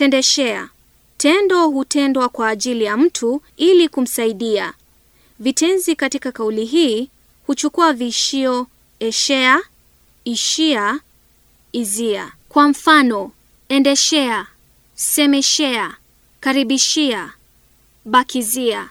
Tendeshea. Tendo hutendwa kwa ajili ya mtu ili kumsaidia. Vitenzi katika kauli hii huchukua viishio eshea, ishia, izia. Kwa mfano, endeshea, semeshea, karibishia, bakizia.